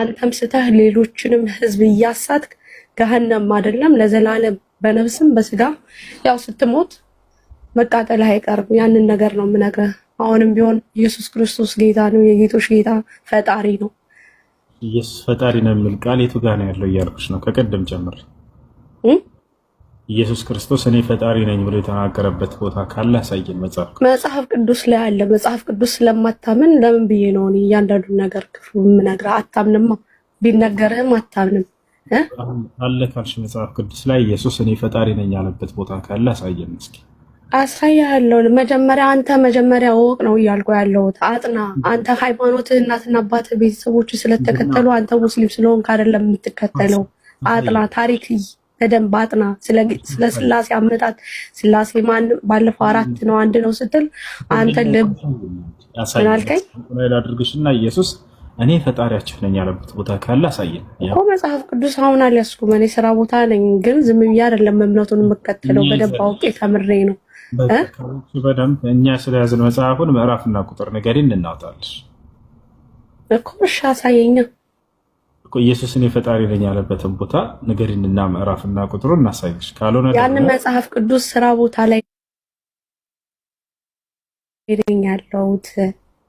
አንተም ስተህ ሌሎችንም ህዝብ እያሳትክ ገሀነም አይደለም ለዘላለም በነፍስም በስጋ ያው ስትሞት መቃጠል አይቀርም። ያንን ነገር ነው የምነግርህ። አሁንም ቢሆን ኢየሱስ ክርስቶስ ጌታ ነው፣ የጌቶች ጌታ ፈጣሪ ነው። ኢየሱስ ፈጣሪ ነው የሚል ቃል የቱ ጋር ነው ያለው እያልኩሽ ነው ከቀደም ጀምር ኢየሱስ ክርስቶስ እኔ ፈጣሪ ነኝ ብሎ የተናገረበት ቦታ ካለ አሳየን። መጽሐፍ መጽሐፍ ቅዱስ ላይ አለ። መጽሐፍ ቅዱስ ስለማታምን ለምን ብዬ ነው እኔ እያንዳንዱን ነገር ክፍሉ የምነግርህ? አታምንማ። ቢነገርህም አታምንም። አለ ካልሽ መጽሐፍ ቅዱስ ላይ ኢየሱስ እኔ ፈጣሪ ነኝ ያለበት ቦታ ካለ አሳየን እስኪ። አሳያለሁ። መጀመሪያ አንተ መጀመሪያ ወቅ ነው እያልኩ ያለሁት አጥና። አንተ ሃይማኖትህ እናትና አባት ቤተሰቦች ስለተከተሉ አንተ ሙስሊም ስለሆንክ አይደለም የምትከተለው። አጥና ታሪክ በደንብ አጥና። ስለ ስላሴ አመጣት ስላሴ ማን ባለፈው አራት ነው አንድ ነው ስትል አንተ ልብ ምን አልከኝ? ኢየሱስ እኔ ፈጣሪያችሁ ነኝ ያለበት ቦታ ካለ አሳየን እኮ መጽሐፍ ቅዱስ። አሁን አልያዝኩም እኔ ስራ ቦታ ነኝ፣ ግን ዝም ብዬ አይደለም እምነቱን የምከተለው በደንብ አውቄ ተምሬ ነው። በደንብ እኛ ስለያዝን መጽሐፉን ምዕራፍና ቁጥር ነገሬ እንናውጣለሽ እኮ እሺ፣ አሳየኛ ኢየሱስን የፈጣሪ ነኝ ያለበትን ቦታ ንገሪንና ምዕራፍና ቁጥሩ እናሳይሽ። ካልሆነ ያንን መጽሐፍ ቅዱስ ስራ ቦታ ላይ ያለውት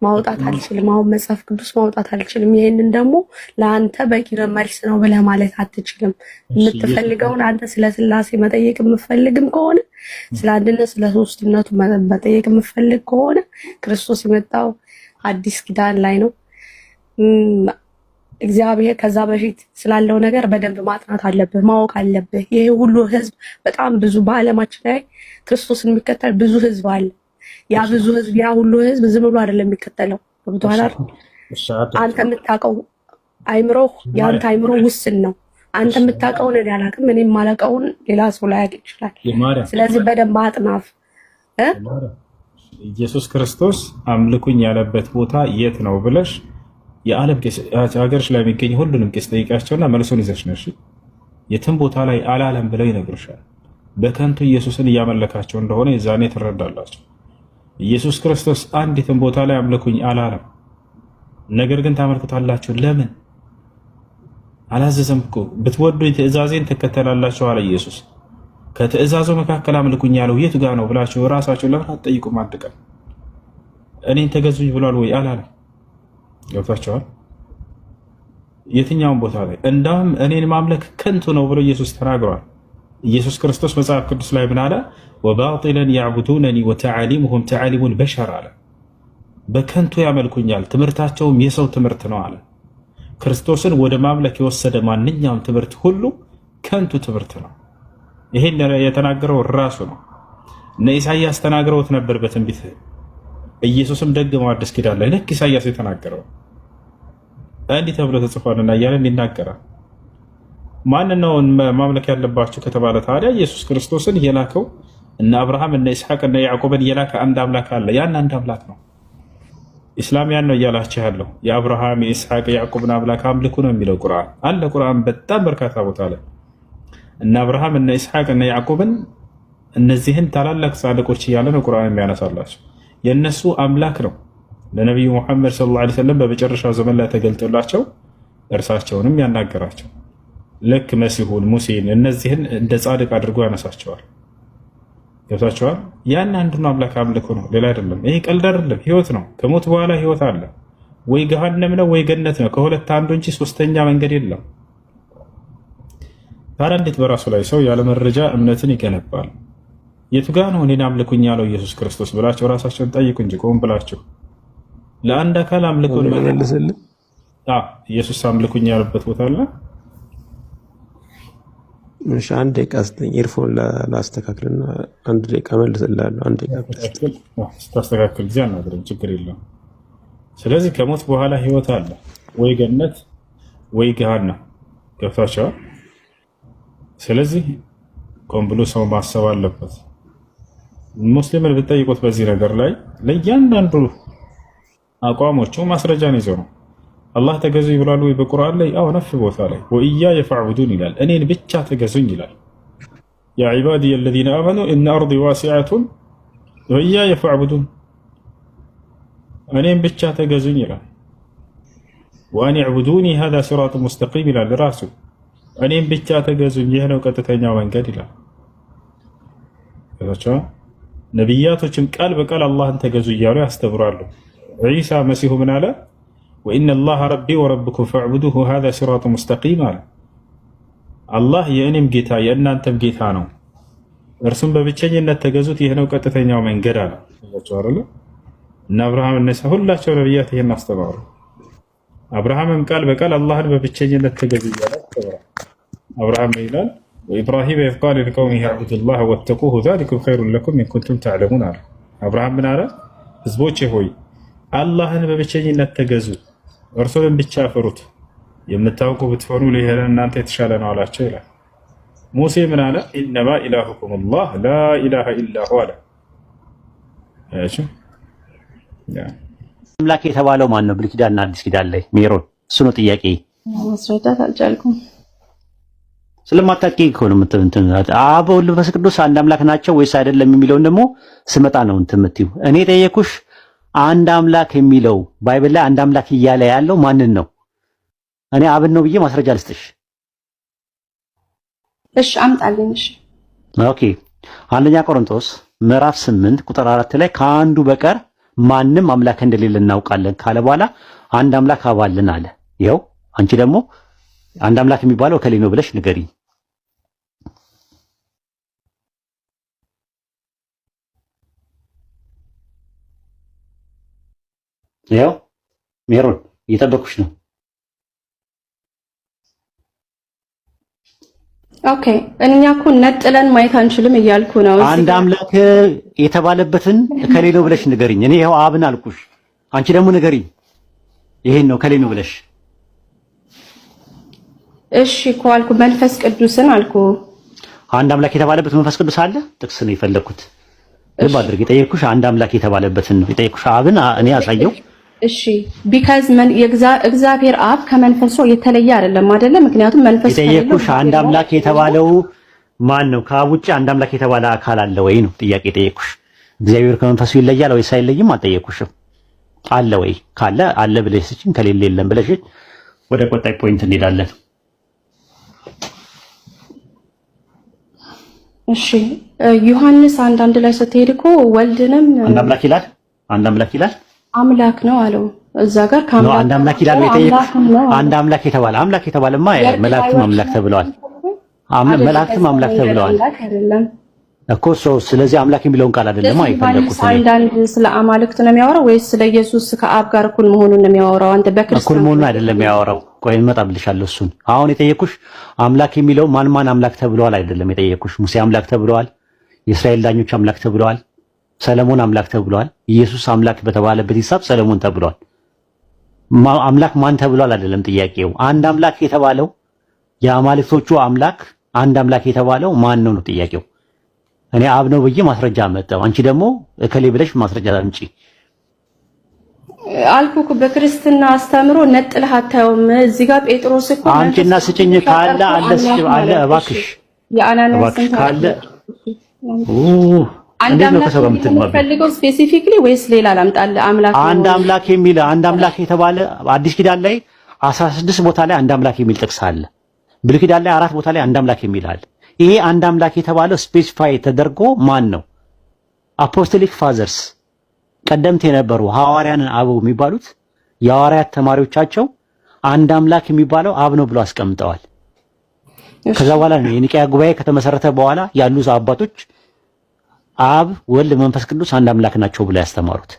ማውጣት አልችልም። አሁን መጽሐፍ ቅዱስ ማውጣት አልችልም። ይሄንን ደግሞ ለአንተ በቂ መልስ ነው ብለህ ማለት አትችልም። የምትፈልገውን አንተ ስለ ስላሴ መጠየቅ የምፈልግም ከሆነ ስለ አንድነት፣ ስለ ሶስትነቱ መጠየቅ የምፈልግ ከሆነ ክርስቶስ የመጣው አዲስ ኪዳን ላይ ነው። እግዚአብሔር ከዛ በፊት ስላለው ነገር በደንብ ማጥናት አለብህ፣ ማወቅ አለብህ። ይሄ ሁሉ ህዝብ በጣም ብዙ፣ በአለማችን ላይ ክርስቶስን የሚከተል ብዙ ህዝብ አለ። ያ ብዙ ህዝብ ያ ሁሉ ህዝብ ዝም ብሎ አይደለም የሚከተለው። ገብቶሃል አንተ የምታውቀው አይምሮ የአንተ አይምሮ ውስን ነው። አንተ የምታውቀውን እኔ አላውቅም፣ እኔ የማላውቀውን ሌላ ሰው ላያውቅ ይችላል። ስለዚህ በደንብ አጥናፍ። ኢየሱስ ክርስቶስ አምልኩኝ ያለበት ቦታ የት ነው ብለሽ የዓለም ቄስ ሀገርሽ ላይ የሚገኝ ሁሉንም ቄስ ጠይቂያቸውና መልሶን ይዘሽ ነሽ። የትም ቦታ ላይ አላለም ብለው ይነግርሻል። በከንቱ ኢየሱስን እያመለካቸው እንደሆነ የዛኔ ትረዳላቸው። ኢየሱስ ክርስቶስ አንድ የትም ቦታ ላይ አምልኩኝ አላለም። ነገር ግን ታመልኩታላችሁ። ለምን አላዘዘም እኮ። ብትወዱ ትእዛዜን ትከተላላችሁ አለ ኢየሱስ። ከትእዛዙ መካከል አምልኩኝ ያለው የቱ ጋ ነው ብላችሁ ራሳችሁ ለምን አትጠይቁም? አንድ ቀን እኔን ተገዙኝ ብሏል ወይ አላለም? ገብቷቸዋል። የትኛውን ቦታ ላይ እንዳውም እኔን ማምለክ ከንቱ ነው ብሎ ኢየሱስ ተናግሯል። ኢየሱስ ክርስቶስ መጽሐፍ ቅዱስ ላይ ምን አለ? ወባጢለን ያዕቡዱነኒ ወተዓሊሙሁም ተዓሊሙን በሸር አለ። በከንቱ ያመልኩኛል፣ ትምህርታቸውም የሰው ትምህርት ነው አለ። ክርስቶስን ወደ ማምለክ የወሰደ ማንኛውም ትምህርት ሁሉ ከንቱ ትምህርት ነው። ይሄን የተናገረው ራሱ ነው። እነ ኢሳያስ ተናግረውት ነበር በትንቢት ኢየሱስም ደግመው አዲስ ኪዳን ላይ ልክ ኢሳያስ የተናገረው እንዲህ ተብሎ ተጽፏልና እያለን ይናገራል። ማን ነው ማምለክ ያለባችሁ ከተባለ ታዲያ ኢየሱስ ክርስቶስን እየላከው እነ አብርሃም እነ ኢስሐቅ እነ ያዕቆብን እየላከ አንድ አምላክ አለ። ያን አንድ አምላክ ነው። ኢስላም ያን ነው እያላችሁ ያለው የአብርሃም የኢስሐቅ ያዕቆብን አምላክ አምልኩ ነው የሚለው ቁርአን አለ። ቁርአን በጣም በርካታ ቦታ ላይ እነ አብርሃም እነ ኢስሐቅ እነ ያዕቆብን እነዚህን ታላላቅ ጻድቆች እያለ ነው ቁርአን የሚያነሳላቸው የእነሱ አምላክ ነው። ለነቢዩ ሙሐመድ ሰለላሁ ዓለይሂ ወሰለም በመጨረሻው ዘመን ላይ ተገልጦላቸው እርሳቸውንም ያናገራቸው ልክ መሲሁን፣ ሙሴን እነዚህን እንደ ጻድቅ አድርጎ ያነሳቸዋል። ገብታቸዋል። ያን አንዱን አምላክ አምልኮ ነው፣ ሌላ አይደለም። ይሄ ቀልድ አይደለም፣ ህይወት ነው። ከሞት በኋላ ህይወት አለ። ወይ ገሃነም ነው ወይ ገነት ነው። ከሁለት አንዱ እንጂ ሶስተኛ መንገድ የለም። ታዲያ እንዴት በራሱ ላይ ሰው ያለመረጃ እምነትን ይገነባል? የቱ ጋ ነው እኔን አምልኩኝ ያለው ኢየሱስ ክርስቶስ ብላችሁ ራሳችሁን ጠይቁ እንጂ ቆም ብላችሁ ለአንድ አካል አምልኮን መልስልን። ኢየሱስ አምልኩኝ ያለበት ቦታ አለ? እሺ አንድ ደቂቃ ስጠኝ፣ ኢርፎን ላስተካክልና አንድ ደቂቃ መልስላለሁ። አንድ ደቂቃ ስታስተካክል ጊዜ አናገርም፣ ችግር የለውም። ስለዚህ ከሞት በኋላ ህይወት አለ ወይ ገነት ወይ ገሃና ገብታችኋል? ስለዚህ ቆም ብሎ ሰው ማሰብ አለበት። ሙስሊምን ብትጠይቁት በዚህ ነገር ላይ ለእያንዳንዱ አቋሞቹ ማስረጃን ይዘው ነው። አላህ ተገዙኝ ብሏል ወይ? በቁርአን ላይ አዎ፣ ነፍ ቦታ ላይ ወኢያየ ፈዕቡዱን ይላል። እኔን ብቻ ተገዙኝ ይላል። ያ ዒባዲየ አለዚነ አመኑ እነ አርዲ ዋሲዐቱን ወኢያየ ፈዕቡዱን፣ እኔን ብቻ ተገዙኝ ይላል። ወአን ዕቡዱኒ ሃዛ ሲራጡ ሙስተቂም ይላል ራሱ። እኔን ብቻ ተገዙኝ፣ ይህ ነው ቀጥተኛ መንገድ ይላል። ነቢያቶችም ቃል በቃል አላህን ተገዙ እያሉ ያስተምራሉ። ዒሳ መሲሁ ምን አለ? ወኢነ ላህ ረቢ ወረብኩም ፈዕቡዱሁ ሃዛ ሲራጡ ሙስተቂም አለ። አላህ የእኔም ጌታ የእናንተም ጌታ ነው፣ እርሱም በብቸኝነት ተገዙት፣ ይህ ነው ቀጥተኛው መንገድ አለ። እነ አብርሃም እነሳ ሁላቸው ነቢያት ይህን አስተማሩ። አብርሃምም ቃል በቃል አላህን በብቸኝነት ተገዙ እያለ አስተምራል። አብርሃም ይላል ኢብራሂም ኢዝ ቃለ ሊቀውሚሂ አዕቡዱላህ ወተቁሁ ዛሊኩም ኸይሩን ለኩም ኢን ኩንቱም ተዕለሙን አለ። አብርሃም ምን አለ? ህዝቦቼ ሆይ አላህን በብቸኝነት ተገዙ፣ እርሱንም ብቻ ፍሩት፣ የምታውቁ ብትሆኑ ይህ እናንተ የተሻለ ነው አላቸው ይላል። ሙሴ ምን አለ? ኢነማ ኢላሁኩም አላህ ላ ኢላሃ አለ። አምላክ የተባለው ማን ነው? ብሉይ ኪዳንና አዲስ ኪዳን ላይ ሜሮን፣ እሱ ነው ጥያቄ። ማስረዳት አልቻልኩም። ስለማታውቂኝ እኮ ነው እንትን አብ ወልድ መንፈስ ቅዱስ አንድ አምላክ ናቸው ወይስ አይደለም የሚለውን ደግሞ ስመጣ ነው እንትን የምትይው። እኔ ጠየኩሽ አንድ አምላክ የሚለው ባይብል ላይ አንድ አምላክ እያለ ያለው ማንን ነው? እኔ አብን ነው ብዬ ማስረጃ ልስጥሽ። እሺ አምጣልኝ። ኦኬ። አንደኛ ቆሮንቶስ ምዕራፍ ስምንት ቁጥር አራት ላይ ከአንዱ በቀር ማንም አምላክ እንደሌለ እናውቃለን ካለ በኋላ አንድ አምላክ አባልን አለ። ይኸው አንቺ ደግሞ አንድ አምላክ የሚባለው ከሌ ነው ብለሽ ንገሪኝ። ያው ሜሮን እየጠበኩሽ ነው። ኦኬ እኛ እኮ ነጥለን ማየት አንችልም እያልኩ ነው። አንድ አምላክ የተባለበትን እከሌ ነው ብለሽ ንገሪኝ። እኔ ይኸው አብን አልኩሽ፣ አንቺ ደግሞ ንገሪኝ። ይሄን ነው እከሌ ነው ብለሽ። እሺ እኮ አልኩ፣ መንፈስ ቅዱስን አልኩ። አንድ አምላክ የተባለበት መንፈስ ቅዱስ አለ። ጥቅስ ነው የፈለኩት። ልብ አድርግ። የጠየኩሽ አንድ አምላክ የተባለበትን ነው የጠየኩሽ። አብን እኔ አሳየው እሺ ቢካዝ እግዚአብሔር አብ ከመንፈሱ የተለየ አይደለም አይደለ? ምክንያቱም መንፈስ የጠየቅኩሽ አንድ አምላክ የተባለው ማን ነው? ከአብ ውጭ አንድ አምላክ የተባለ አካል አለ ወይ ነው ጥያቄ የጠየቅኩሽ። እግዚአብሔር ከመንፈሱ ይለያል ወይስ አይለይም? አልጠየቅኩሽም። አለ ወይ ካለ አለ ብለሽ ከሌለ የለም ብለሽ ወደ ቆጣይ ፖይንት እንሄዳለን። እሺ ዮሐንስ አንድ አንድ ላይ ስትሄድ እኮ ወልድንም አንድ አምላክ ይላል። አንድ አምላክ ይላል አምላክ ነው አለው። እዛ ጋር አንድ አምላክ ይላል። አንድ አምላክ የተባለ አምላክ የተባለማ መላእክትም አምላክ ተብለዋል። መላእክትም አምላክ ተብለዋል እኮ ሰው። ስለዚህ አምላክ የሚለውን ቃል አይደለም አይፈለቁት። አንዳንድ ስለ አማልክት ነው የሚያወራው ወይስ ስለ ኢየሱስ ከአብ ጋር እኩል መሆኑን ነው የሚያወራው? አንተ በክርስቶስ እኩል መሆኑን አይደለም የሚያወራው። ቆይ እንመጣብልሻለሁ እሱን። አሁን የጠየኩሽ አምላክ የሚለው ማን ማን አምላክ ተብለዋል አይደለም የጠየኩሽ። ሙሴ አምላክ ተብለዋል። የእስራኤል ዳኞች አምላክ ተብለዋል። ሰለሞን አምላክ ተብሏል። ኢየሱስ አምላክ በተባለበት ሂሳብ ሰለሞን ተብሏል። አምላክ ማን ተብሏል አይደለም ጥያቄው። አንድ አምላክ የተባለው የአማልክቶቹ አምላክ አንድ አምላክ የተባለው ማን ነው ነው ጥያቄው። እኔ አብ ነው ብዬ ማስረጃ መጣው፣ አንቺ ደግሞ እከሌ ብለሽ ማስረጃ አምጪ አልኩኩ። በክርስትና አስተምሮ ነጥለህ አታየውም። እዚህ ጋር ጴጥሮስ እኮ አንቺና ስጭኝ ካለ አለ እባክሽ፣ የአናናስን ካለ አንድ ስፔሲፊክሊ ወይስ ሌላ ላምጣልህ? አምላክ አንድ አምላክ የሚል አንድ አምላክ የተባለ አዲስ ኪዳን ላይ 16 ቦታ ላይ አንድ አምላክ የሚል ጥቅስ አለ። ብሉይ ኪዳን ላይ አራት ቦታ ላይ አንድ አምላክ የሚል አለ። ይሄ አንድ አምላክ የተባለው ስፔሲፋይ ተደርጎ ማን ነው? አፖስቶሊክ ፋዘርስ ቀደምት የነበሩ ሐዋርያንን አበው የሚባሉት የሐዋርያት ተማሪዎቻቸው አንድ አምላክ የሚባለው አብ ነው ብሎ አስቀምጠዋል። ከዛ በኋላ ነው የኒቅያ ጉባኤ ከተመሰረተ በኋላ ያሉ አባቶች አብ ወልድ መንፈስ ቅዱስ አንድ አምላክ ናቸው ብለው ያስተማሩት።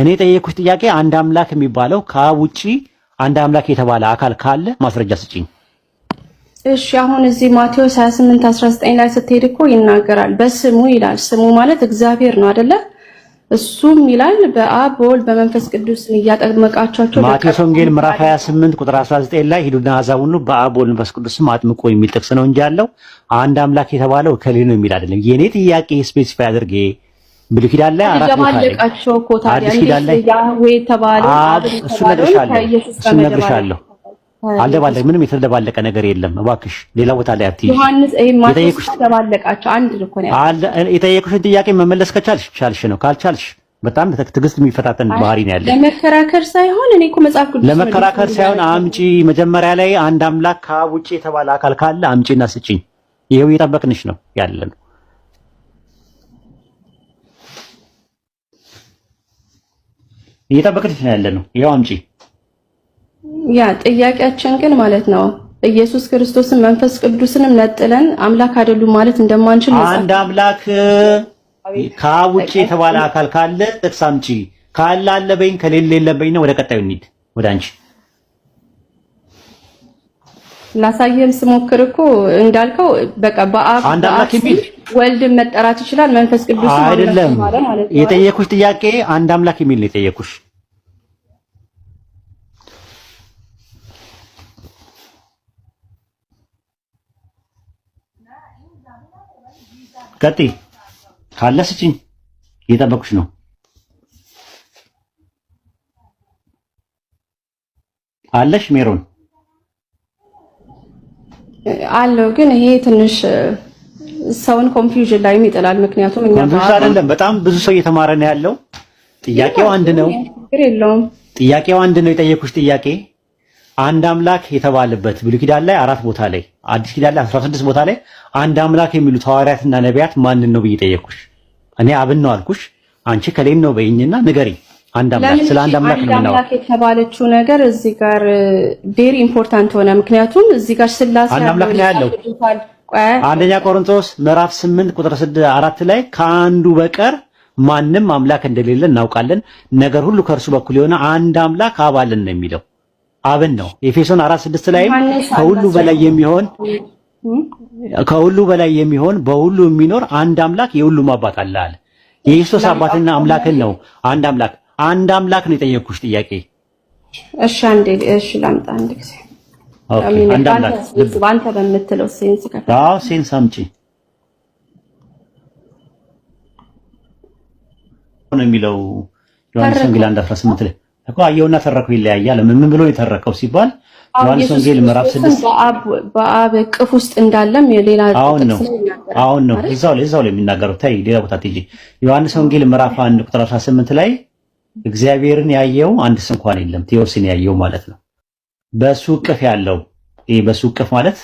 እኔ የጠየኩሽ ጥያቄ አንድ አምላክ የሚባለው ከአብ ውጪ አንድ አምላክ የተባለ አካል ካለ ማስረጃ ስጭኝ። እሺ አሁን እዚህ ማቴዎስ 28 19 ላይ ስትሄድ እኮ ይናገራል። በስሙ ይላል። ስሙ ማለት እግዚአብሔር ነው አይደለም እሱም ይላል በአብ በወልድ በመንፈስ ቅዱስ እያጠመቃቸው ማቴዎስ ወንጌል ምዕራፍ 28 ቁጥር 19 ላይ ሂዱና አሕዛብ ሁሉ በአብ በወልድ በመንፈስ ቅዱስም አጥምቆ የሚል ጥቅስ ነው እንጂ ያለው አንድ አምላክ የተባለው ከሌ ነው የሚል አይደለም። የኔ ጥያቄ ስፔሲፋይ አድርጌ ብሉይ ኪዳን ላይ አራት ኮታ ያለ አዲስ የተባለው አብ ያህዌ ተባለ። እሱ ነግርሻለሁ አለባለ ምንም የተደባለቀ ነገር የለም። እባክሽ ሌላ ቦታ ላይ አትይ። የጠየቁሽን ጥያቄ መመለስ ከቻልሽ ቻልሽ ነው፣ ካልቻልሽ በጣም ትዕግስት የሚፈታተን ባህሪ ነው ያለ። ለመከራከር ሳይሆን እኔ እኮ መጽሐፍ ቅዱስ ለመከራከር ሳይሆን አምጪ። መጀመሪያ ላይ አንድ አምላክ ከአብ ውጪ የተባለ አካል ካለ አምጪና ስጭኝ። ይሄው እየጠበቅንሽ ነው ያለ ነው። እየጠበቅንሽ ነው ያለ ነው። ይሄው አምጪ ያ ጥያቄያችን ግን ማለት ነው ኢየሱስ ክርስቶስን መንፈስ ቅዱስንም ነጥለን አምላክ አይደሉም ማለት እንደማንችል አንድ አምላክ ከአብ ውጭ የተባለ አካል ካለ ጥቅስ አምጪ። ካለ አለበኝ ከሌለ የለበኝ ነው። ወደ ቀጣዩ እንሂድ። ወደ አንቺ ላሳየም ስሞክር እኮ እንዳልከው በቃ በአብ አንድ አምላክ የሚል ወልድን መጠራት ይችላል። መንፈስ ቅዱስ አይደለም የጠየኩሽ ጥያቄ። አንድ አምላክ የሚል ነው የጠየኩሽ ቀጤ ካለ ስጭኝ፣ እየጠበኩሽ ነው። አለሽ ሜሮን? አለው ግን ይሄ ትንሽ ሰውን ኮንፊውዥን ላይም ይጥላል። ምክንያቱም እኛ አይደለም በጣም ብዙ ሰው እየተማረ ነው ያለው። ጥያቄው አንድ ነው፣ ጥያቄው አንድ ነው። የጠየኩሽ ጥያቄ አንድ አምላክ የተባለበት ብሉይ ኪዳን ላይ አራት ቦታ ላይ አዲስ ኪዳን ላይ 16 ቦታ ላይ አንድ አምላክ የሚሉ ሐዋርያትና ነቢያት ማንን ነው ብዬ ጠየቅኩሽ። እኔ አብን ነው አልኩሽ። አንቺ ከሌም ነው በይኝና ንገሪ። አንድ አምላክ ስለ አንድ አምላክ ነው የምናወራው። አምላክ የተባለችው ነገር እዚህ ጋር ቬሪ ኢምፖርታንት ሆነ። ምክንያቱም እዚህ ጋር ስላሴ አንድ አምላክ ነው ያለው። አንደኛ ቆሮንቶስ ምዕራፍ 8 ቁጥር 6 4 ላይ ከአንዱ በቀር ማንም አምላክ እንደሌለ እናውቃለን፣ ነገር ሁሉ ከእርሱ በኩል የሆነ አንድ አምላክ አባልን ነው የሚለው አብን ነው። ኤፌሶን አራት ስድስት ላይም ከሁሉ በላይ የሚሆን ከሁሉ በላይ የሚሆን በሁሉ የሚኖር አንድ አምላክ የሁሉም አባት አለ አለ። የኢየሱስ አባትና አምላክን ነው። አንድ አምላክ አንድ አምላክ ነው የጠየቅኩሽ ጥያቄ። እሺ አንዴ እሺ ላምጣ አንድ ጊዜ ኦኬ። አንድ አምላክ ባንተ በምትለው ሴንስ ከፈ አዎ ሴንስ አምጪ ነው የሚለው ዮሐንስ ወንጌል 1:18 ላይ እኮ አየውና ተረከው ይለያያል። ምን ብሎ የተረከው ሲባል ዮሐንስ ወንጌል ምዕራፍ 6 በአብ እቅፍ ውስጥ እንዳለም የሌላ አሁን ነው አሁን ነው እዛው ላይ እዛው ላይ የሚናገረው ታይ ሌላ ቦታ ትጂ ዮሐንስ ወንጌል ምዕራፍ 1 ቁጥር 18 ላይ እግዚአብሔርን ያየው አንድ ስ እንኳን የለም ቴዎስን ያየው ማለት ነው። በሱ እቅፍ ያለው ይሄ በሱ እቅፍ ማለት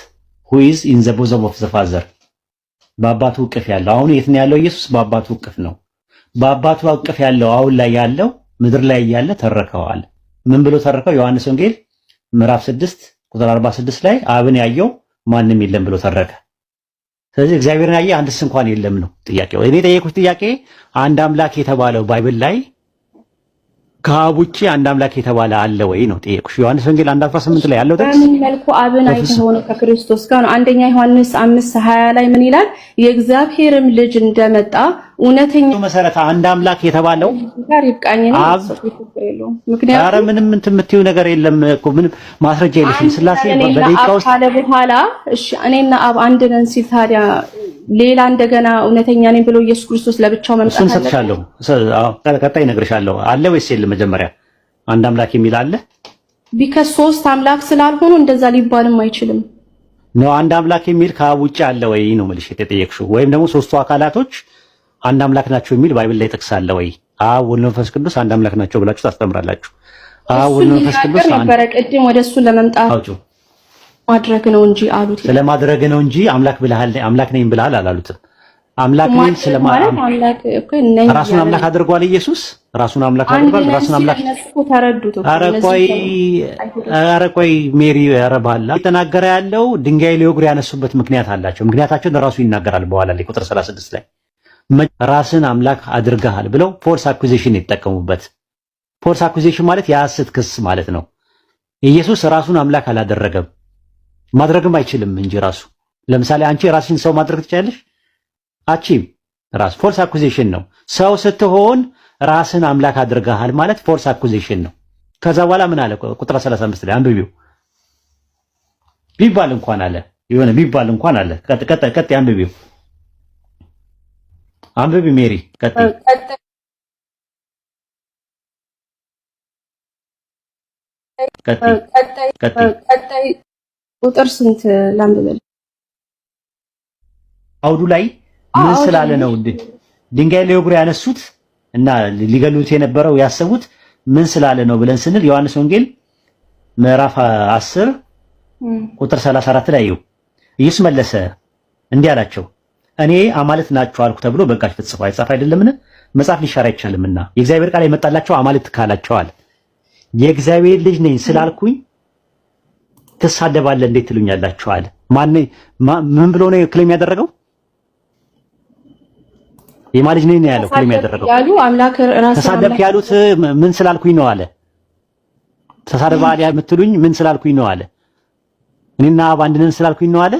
who is in the bosom of the father በአባቱ እቅፍ ያለው አሁን የት ነው ያለው? ኢየሱስ በአባቱ እቅፍ ነው። በአባቱ እቅፍ ያለው አሁን ላይ ያለው ምድር ላይ እያለ ተረከዋል። ምን ብሎ ተረከው? ዮሐንስ ወንጌል ምዕራፍ 6 ቁጥር 46 ላይ አብን ያየው ማንም የለም ብሎ ተረከ። ስለዚህ እግዚአብሔርን ያየ አንድስ እንኳን የለም ነው ጥያቄው። እኔ የጠየኩት ጥያቄ አንድ አምላክ የተባለው ባይብል ላይ ከአብ ውጪ አንድ አምላክ የተባለ አለ ወይ ነው ጠየቁሽ። ዮሐንስ ወንጌል 1:18 ላይ ያለው ጥቅስ በምን መልኩ አብን አይተው ነው ከክርስቶስ ጋር ነው? አንደኛ ዮሐንስ 5:20 ላይ ምን ይላል? የእግዚአብሔርም ልጅ እንደመጣ እውነተኛ መሰረት አንድ አምላክ የተባለው ጋር ይብቃኝ። አብ አረ ምንም እንትን የምትይው ነገር የለም እኮ ምንም ማስረጃ የለሽም። ስላሴ በደቂቃ ውስጥ ካለ በኋላ እሺ እኔና አብ አንድ ነን ሲል ታዲያ ሌላ እንደገና እውነተኛ ነኝ ብሎ ኢየሱስ ክርስቶስ ለብቻው መምጣት አለ። ሰጥቻለሁ። አዎ ቀጣይ እነግርሻለሁ። አለ ወይስ የለም? መጀመሪያ አንድ አምላክ የሚል አለ። ቢከስ ሶስት አምላክ ስላልሆኑ እንደዛ ሊባልም አይችልም። ነው አንድ አምላክ የሚል ከአብ ውጭ አለ ወይ ነው የምልሽ የተጠየቅሽው። ወይም ደግሞ ሶስቱ አካላቶች አንድ አምላክ ናቸው የሚል ባይብል ላይ ጥቅስ አለ ወይ? አብ ወልድ መንፈስ ቅዱስ አንድ አምላክ ናቸው ብላችሁ ታስተምራላችሁ። አብ ወልድ መንፈስ ቅዱስ ነበረ ቅድም ወደ እሱ ለመምጣት ማድረግ ነው እንጂ አሉት። ስለማድረግ ነው እንጂ አምላክ ብለሃል አምላክ ነኝ ብለሃል አላሉትም። አምላክ ነኝ ስለማለት አምላክ እኮ ነኝ። ራሱን አምላክ አድርጓል ኢየሱስ ራሱን አምላክ አድርጓል። ራሱን አምላክ ተረዱት። ኧረ ቆይ ኧረ ቆይ ሜሪ ኧረ ባላ የተናገረ ያለው ድንጋይ ሊወግሩ ያነሱበት ምክንያት አላቸው። ምክንያታቸውን ራሱ ይናገራል በኋላ ላይ ቁጥር 36 ላይ ራስን አምላክ አድርገሃል ብለው ፎልስ አኩዜሽን የተጠቀሙበት። ፎልስ አኩዜሽን ማለት የሐሰት ክስ ማለት ነው። ኢየሱስ ራሱን አምላክ አላደረገም፣ ማድረግም አይችልም እንጂ ራሱ። ለምሳሌ አንቺ ራስሽን ሰው ማድረግ ትችላለሽ? አቺም ራስ ፎልስ አኩዜሽን ነው። ሰው ስትሆን ራስን አምላክ አድርገሃል ማለት ፎልስ አኩዜሽን ነው። ከዛ በኋላ ምን አለ? ቁጥር 35 ላይ አንብቢው ቢባል እንኳን አለ የሆነ ቢባል እንኳን አለ ቀጥ ቀጥ አንብቢው አንብቢ ሜሪ ቀጥይ። ቀጣይ ቁጥር ስንት ላንብበል? አውዱ ላይ ምን ስላለ ነው ድንጋይ ለእግሩ ያነሱት እና ሊገሉት የነበረው ያሰቡት ምን ስላለ ነው ብለን ስንል ዮሐንስ ወንጌል ምዕራፍ 10 ቁጥር 34 ላይ ኢየሱስ መለሰ እንዲህ አላቸው እኔ አማልት ናቸው አልኩ ተብሎ በጋሽ ተጽፎ አይጻፍ አይደለምን? መጽሐፍ ሊሻር አይቻልምና የእግዚአብሔር ቃል የመጣላቸው አማልት ካላቸዋል የእግዚአብሔር ልጅ ነኝ ስላልኩኝ ትሳደባለህ እንዴት ትሉኛላችኋል? ማን ምን ብሎ ነው ክሌም ያደረገው? የማን ነኝ ያለው ክሌም ያደረገው ያሉ አምላክ ራስ ተሳደብክ ያሉት ምን ስላልኩኝ ነው አለ። ተሳደባለህ የምትሉኝ ምን ስላልኩኝ ነው አለ። እኔና አብ አንድ ነን ስላልኩኝ ነው አለ።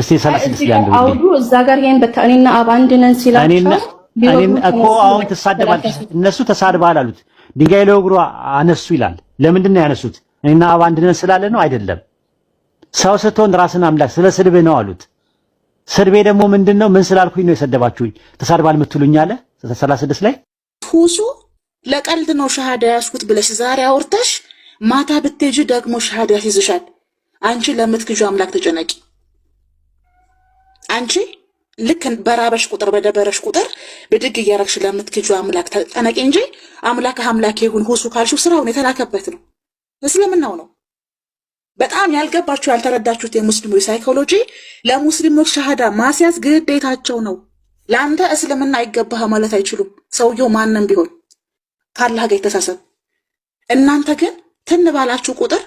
እስቲ 36 ላይ አንዱ አውዱ እዛ ጋር ያን በቃ እኔና አብ አንድ ነን ሲላቸው እኔን እኮ አሁን ትሳደባለች። እነሱ ተሳድባል አሉት። ድንጋይ ለእግሩ አነሱ ይላል። ለምንድን ነው ያነሱት? እኔና አብ አንድ ነን ስላለ ነው አይደለም። ሰው ስትሆን ራስን አምላክ ስለ ስድብህ ነው አሉት። ስድቤ ደግሞ ምንድን ነው? ምን ስላልኩኝ ነው የሰደባችሁኝ? ተሳድባል የምትሉኝ አለ 36 ላይ ሁሱ ለቀልድ ነው ሸሃዳ ያስኩት ብለሽ ዛሬ አውርተሽ ማታ ብትሄጂ ደግሞ ሸሃዳ ያስይዝሻል። አንቺ ለምትክጁ አምላክ ተጨነቂ። አንቺ ልክ በራበሽ ቁጥር በደበረሽ ቁጥር ብድግ እያረግሽ ለምትክጁ አምላክ ተጠነቂ እንጂ አምላክ አምላክ ይሁን ሁሱ ካልሽው ስራውን የተላከበት ነው። እስልምናው ነው። በጣም ያልገባችሁ ያልተረዳችሁት የሙስሊሞች ሳይኮሎጂ ለሙስሊሞች ሻሃዳ ማስያዝ ግዴታቸው ነው። ለአንተ እስልምና አይገባህ ማለት አይችሉም። ሰውየው ማንም ቢሆን ካላህ ጋር የተሳሰብ። እናንተ ግን ትን ባላችሁ ቁጥር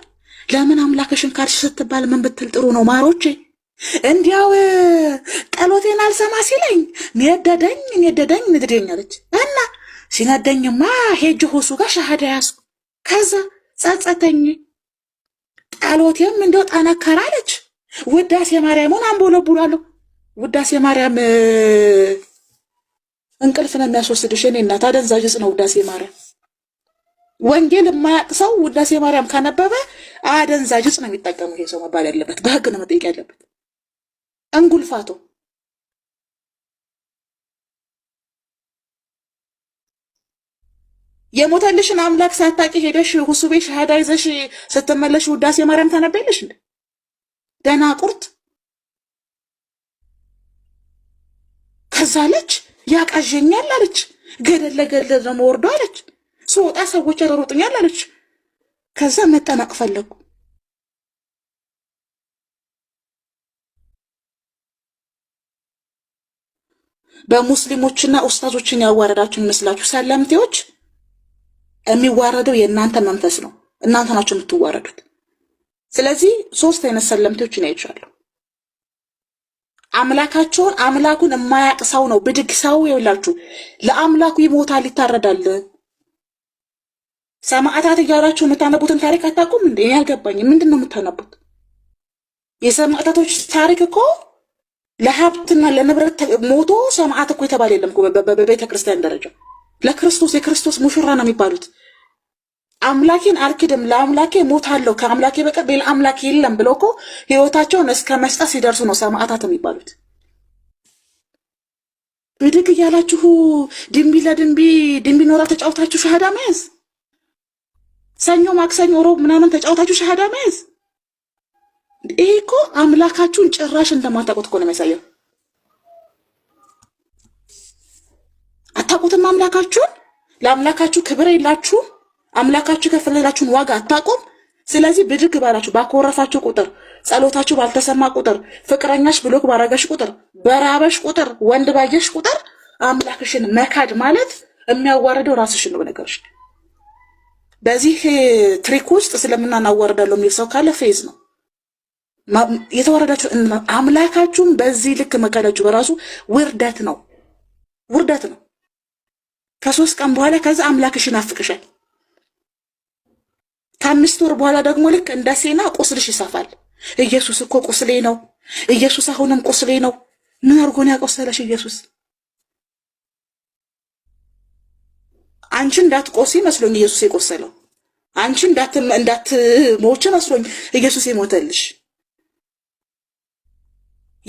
ለምን አምላክሽን ካልሽ ስትባል ምን ብትል ጥሩ ነው ማሮቼ? እንዲያው ጠሎቴን አልሰማ ሲለኝ ነደደኝ ነደደኝ ነደደኝ እና ሲነደኝማ ሄጅ ሆሱ ጋር ሻሃዳ ያዝኩ። ከዛ ጸጸተኝ። ጠሎቴም እንደው ጠነከር አለች። ውዳሴ ማርያምን አንቦለቡላለሁ። ውዳሴ ማርያም እንቅልፍ ነው የሚያስወስድሽ። እኔ እናት አደንዛዥ እጽ ነው ውዳሴ ማርያም። ወንጌል የማያቅ ሰው ውዳሴ ማርያም ካነበበ አደንዛዥ እጽ ነው የሚጠቀሙ። ይሄ ሰው መባል ያለበት በህግ ነው መጠየቅ ያለበት። እንጉልፋቶ የሞተልሽን አምላክ ሳታቂ ሄደሽ ሁሱቤ ሻሃዳ ይዘሽ ስትመለሽ ውዳሴ ማርያም ታነበይለሽ እንዴ? ደናቁርት ከዛ አለች ያቃዠኛል አለች። ገደል ለገደል ደሞ ወርዶ አለች። ስወጣ ሰዎች ያሮሩጥኛል አለች። ከዛ መጠመቅ ፈለጉ። በሙስሊሞችና ኡስታዞችን ያዋረዳችሁ ይመስላችሁ ሰለምቴዎች፣ የሚዋረደው የእናንተ መንፈስ ነው። እናንተ ናቸው የምትዋረዱት። ስለዚህ ሶስት አይነት ሰለምቴዎች ነው አይቻለሁ። አምላካቸውን አምላኩን የማያቅ ሰው ነው ብድግ ሰው ይላችሁ፣ ለአምላኩ ይሞታል ይታረዳል። ሰማዕታት እያላችሁ የምታነቡትን ታሪክ አታውቁም እንዴ? እኔ አልገባኝም። ምንድን ነው የምታነቡት? የሰማዕታቶች ታሪክ እኮ ለሀብትና ለንብረት ሞቶ ሰማዕት እኮ የተባለ የለም በቤተ ክርስቲያን ደረጃ። ለክርስቶስ የክርስቶስ ሙሽራ ነው የሚባሉት። አምላኬን አልክድም፣ ለአምላኬ ሞታለሁ፣ ከአምላኬ በቀር ሌላ አምላክ የለም ብለው እኮ ህይወታቸውን እስከ መስጠት ሲደርሱ ነው ሰማዕታት የሚባሉት። ብድግ እያላችሁ ድንቢ ለድንቢ ድንቢ ኖራ ተጫውታችሁ ሻሃዳ መያዝ፣ ሰኞ ማክሰኞ ሮብ ምናምን ተጫውታችሁ ሻሃዳ መያዝ ይሄ እኮ አምላካችሁን ጭራሽ እንደማታውቁት እኮ ነው የሚያሳየው። አታውቁትም አምላካችሁን። ለአምላካችሁ ክብር የላችሁ አምላካችሁ የከፈለላችሁን ዋጋ አታውቁም። ስለዚህ ብድግ ባላችሁ ባኮረፋችሁ ቁጥር፣ ጸሎታችሁ ባልተሰማ ቁጥር፣ ፍቅረኛሽ ብሎክ ባረገሽ ቁጥር፣ በራበሽ ቁጥር፣ ወንድ ባየሽ ቁጥር አምላክሽን መካድ ማለት የሚያዋርደው ራስሽን ነው። ነገርሽ በዚህ ትሪክ ውስጥ ስለምናናወርዳለው የሚል ሰው ካለ ፌዝ ነው። የተዋረዳችሁ አምላካችሁን በዚህ ልክ መካዳችሁ በራሱ ውርደት ነው፣ ውርደት ነው። ከሶስት ቀን በኋላ ከዛ አምላክሽ ይናፍቅሻል። ከአምስት ወር በኋላ ደግሞ ልክ እንደ ሴና ቁስልሽ ይሰፋል። ኢየሱስ እኮ ቁስሌ ነው፣ ኢየሱስ አሁንም ቁስሌ ነው። ምን አርጎን ያቆሰለሽ ኢየሱስ? አንቺ እንዳትቆስ መስሎኝ ኢየሱስ የቆሰለው፣ አንቺ እንዳትሞች መስሎኝ ኢየሱስ የሞተልሽ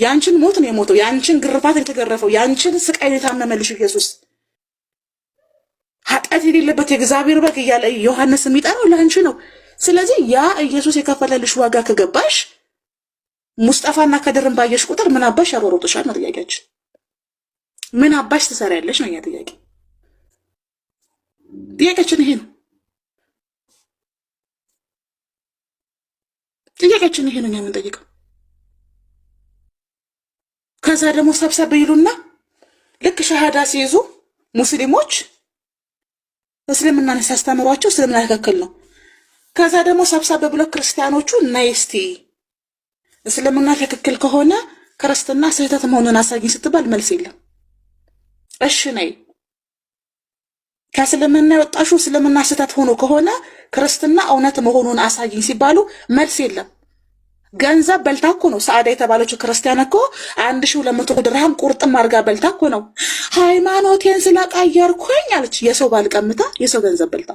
ያንቺን ሞት ነው የሞተው፣ ያንቺን ግርፋት የተገረፈው፣ ያንቺን ስቃይ የታመመልሽ ኢየሱስ ኃጢአት የሌለበት የእግዚአብሔር በግ እያለ ዮሐንስ የሚጠራው ለአንቺ ነው። ስለዚህ ያ ኢየሱስ የከፈለልሽ ዋጋ ከገባሽ ሙስጠፋና ከድርን ባየሽ ቁጥር ምን አባሽ ያሯሮጥሻል ነው ጥያቄያችን። ምን አባሽ ትሰሪያለሽ ነው ያ ጥያቄ። ጥያቄያችን ይሄ ነው። ጥያቄያችን ይሄ ነው የምንጠይቀው። ከዛ ደግሞ ሰብሰብ ይሉና ልክ ሸሃዳ ሲይዙ ሙስሊሞች እስልምናን ሲያስተምሯቸው እስልምና ትክክል ነው። ከዛ ደግሞ ሰብሰብ ብሎ ክርስቲያኖቹ ነይ እስቲ እስልምና ትክክል ከሆነ ክርስትና ስህተት መሆኑን አሳይኝ ስትባል መልስ የለም። እሺ ነይ ከእስልምና የወጣሹ እስልምና ስህተት ሆኖ ከሆነ ክርስትና እውነት መሆኑን አሳይኝ ሲባሉ መልስ የለም። ገንዘብ በልታ እኮ ነው ሰአዳ የተባለችው ክርስቲያን እኮ አንድ ሺ ሁለት መቶ ድርሃም ቁርጥም አድርጋ በልታ እኮ ነው ሃይማኖቴን ስላቃየርኩኝ አለች። የሰው ባልቀምታ የሰው ገንዘብ በልታ